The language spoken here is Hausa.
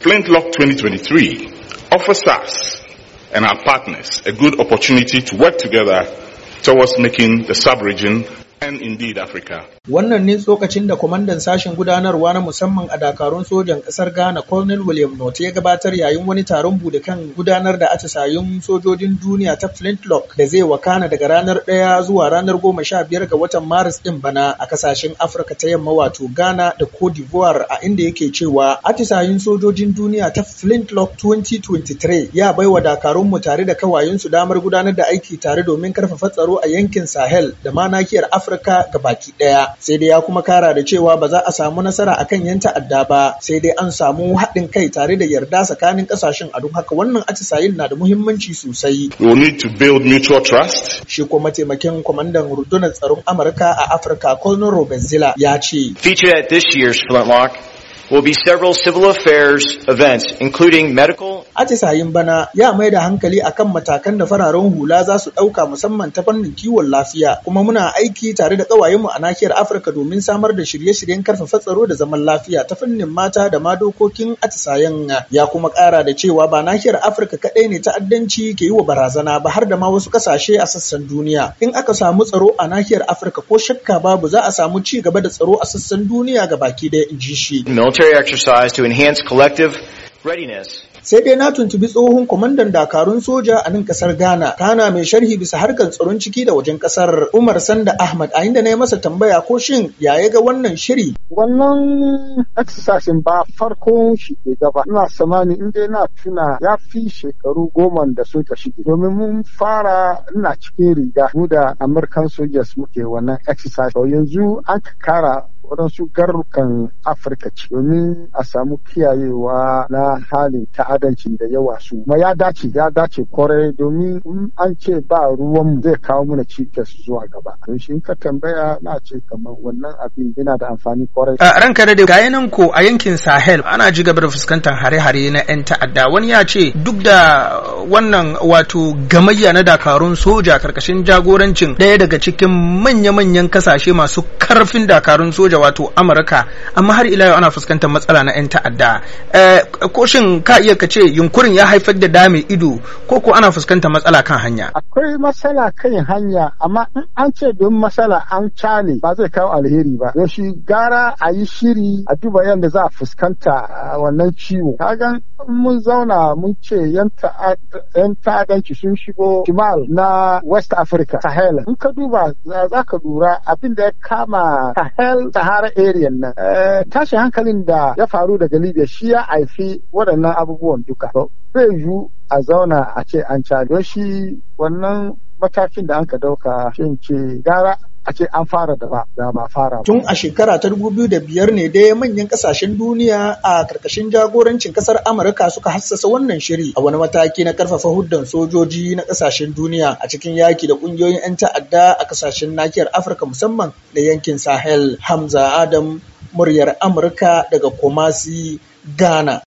Flintlock 2023 offers us and our partners a good opportunity to work together towards making the sub-region and indeed Africa Wannan ne tsokacin da kwamandan sashen gudanarwa na musamman a dakarun sojan ƙasar Ghana Colonel William Note ya gabatar yayin wani taron bude kan gudanar da atisayen sojojin duniya ta Flintlock da zai wakana daga ranar 1 zuwa ranar goma sha biyar ga watan Maris ɗin bana a kasashen Afirka ta yamma wato Ghana da Cote d'Ivoire a inda yake cewa atisayen sojojin duniya ta Flintlock 2023 ya baiwa mu tare da kawayen su damar gudanar da aiki tare domin karfafa tsaro a yankin Sahel da ma nakiyar Afirka ga baki ɗaya. sai dai ya kuma kara da cewa ba za a samu nasara a kan yan ta'adda ba sai dai an samu haɗin kai tare da yarda tsakanin ƙasashen a don haka wannan atisayin na da muhimmanci sosai. We need to build mutual trust. Shi kuma mataimakin kwamandan rundunar tsaron Amurka a Afirka Colonel Robert Zilla ya ce. Featured at this year's Flintlock will be several civil affairs events including medical sayin bana ya mai da hankali akan matakan da fararen hula za su ɗauka musamman ta fannin kiwon lafiya kuma muna aiki tare da ƙawayenmu a nahiyar Afirka domin samar da shirye-shiryen karfafa tsaro da zaman lafiya ta fannin mata da ma dokokin atisayen ya kuma ƙara da cewa ba nahiyar Afirka kaɗai ne ta'addanci ke yi wa barazana ba har da ma wasu ƙasashe a sassan duniya in aka samu tsaro a nahiyar Afirka ko shakka babu za a samu ci gaba da tsaro a sassan duniya ga baki ɗaya in ji shi. military exercise to enhance collective readiness sai dai na tuntubi tsohon kwamandan dakarun soja a nan kasar ghana kana mai sharhi bisa harkar tsaron ciki da wajen kasar umar sanda ahmad a inda na yi masa tambaya ko shin ya ya ga wannan shiri wannan exercise ba farkon shi ke gaba ina samani in dai na tuna ya fi shekaru goma da suka shige domin mun fara ina cikin riga mu da Amurkan soldiers muke wannan exercise yanzu an kara waɗansu garukan afirka ce domin a samu kiyayewa na halin ta'adancin da yawa su kuma ya dace ya dace kwarai domin in an ce ba ruwanmu zai kawo mana cikas zuwa gaba don shi ka tambaya na ce kamar wannan abin yana da amfani kwarai. ranka da dai nan ko a yankin sahel ana ji gaba da fuskantar hare-hare na 'yan ta'adda wani ya ce duk da wannan wato gamayya na dakarun soja karkashin jagorancin ɗaya daga cikin manya-manyan kasashe masu karfin dakarun soja wato amurka amma har ila yau ana fuskantar matsala na 'yan ta'adda eh, ko shin ka iya ka ce yunkurin ya haifar da dame ido ko ko ana fuskantar matsala kan hanya akwai matsala kan hanya amma in an ce don matsala an cale ba zai kawo alheri ba yaushe gara a yi shiri a duba yadda za a fuskanta ah, wannan ciwo kagan mun zauna mun ce yan 'yan ta'adanci sun shigo kimal na West Africa, Sahel. In ka duba za ka lura abin da ya kama Sahel Sahara area nan. Eh, tashin hankalin da ya faru daga Libya shi ya haifi waɗannan abubuwan duka. Zai yiwu a zauna a ce an shi wannan matakin da an ka dauka shi gara a ce an fara da ba ba fara tun a shekara ta da biyar ne dai manyan kasashen duniya a karkashin jagorancin kasar Amurka suka hassasa wannan shiri a wani mataki na karfafa huddan sojoji na kasashen duniya a cikin yaki da kungiyoyin 'yan ta'adda a kasashen nakiyar Afirka musamman da yankin Sahel Hamza Adam muryar Amurka daga Kumasi Ghana